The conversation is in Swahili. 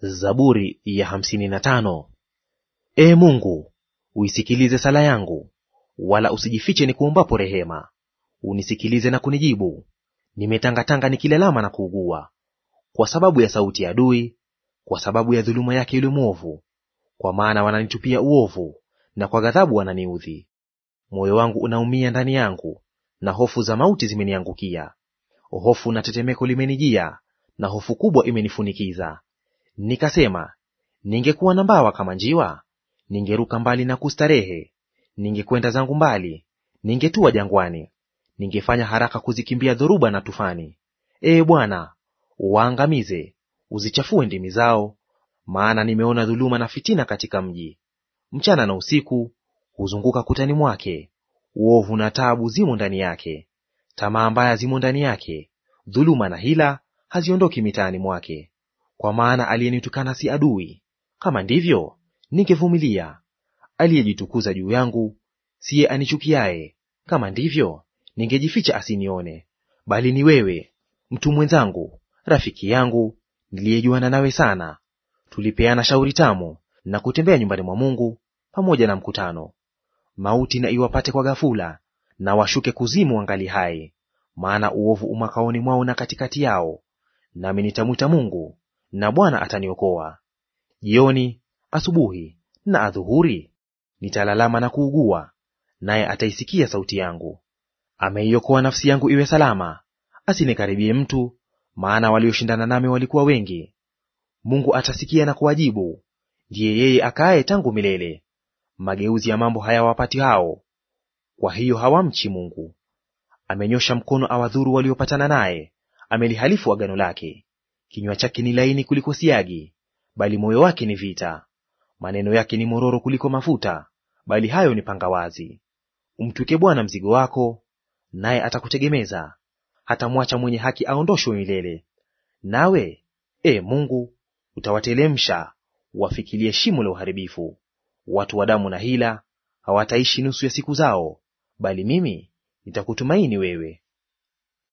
Zaburi ya hamsini na tano. Ee Mungu, uisikilize sala yangu, wala usijifiche ni kuombapo rehema. Unisikilize na kunijibu. Nimetangatanga nikilalama na kuugua, kwa sababu ya sauti ya adui, kwa sababu ya dhuluma yake yule mwovu. Kwa maana wananitupia uovu, na kwa ghadhabu wananiudhi. Moyo wangu unaumia ndani yangu, na hofu za mauti zimeniangukia. Hofu na tetemeko limenijia, na hofu kubwa imenifunikiza. Nikasema, ningekuwa na mbawa kama njiwa, ningeruka mbali na kustarehe, ningekwenda zangu mbali, ningetua jangwani, ningefanya haraka kuzikimbia dhoruba na tufani. Ee Bwana, uwaangamize, uzichafue ndimi zao, maana nimeona dhuluma na fitina katika mji. Mchana na usiku huzunguka kutani mwake, uovu na taabu zimo ndani yake. Tamaa mbaya zimo ndani yake, dhuluma na hila haziondoki mitaani mwake. Kwa maana aliyenitukana si adui; kama ndivyo, ningevumilia. Aliyejitukuza juu yangu siye anichukiaye; kama ndivyo, ningejificha asinione. Bali ni wewe, mtu mwenzangu, rafiki yangu, niliyejuana nawe sana. Tulipeana shauri tamu na kutembea nyumbani mwa Mungu pamoja na mkutano. Mauti na iwapate kwa ghafula, na washuke kuzimu wangali hai, maana uovu umakaoni mwao na katikati yao. Nami nitamwita Mungu, na Bwana ataniokoa. Jioni, asubuhi na adhuhuri nitalalama na kuugua, naye ataisikia sauti yangu. Ameiokoa nafsi yangu iwe salama, asinikaribie mtu, maana walioshindana nami walikuwa wengi. Mungu atasikia na kuwajibu, ndiye yeye akaaye tangu milele. Mageuzi ya mambo hayawapati hao, kwa hiyo hawamchi Mungu. Amenyosha mkono awadhuru waliopatana naye, amelihalifu agano lake. Kinywa chake ni laini kuliko siagi, bali moyo wake ni vita. Maneno yake ni mororo kuliko mafuta, bali hayo ni panga wazi. Umtwike Bwana mzigo wako, naye atakutegemeza; hatamwacha mwenye haki aondoshwe milele. Nawe, e Mungu, utawatelemsha wafikilie shimo la uharibifu. Watu wa damu na hila hawataishi nusu ya siku zao, bali mimi nitakutumaini wewe.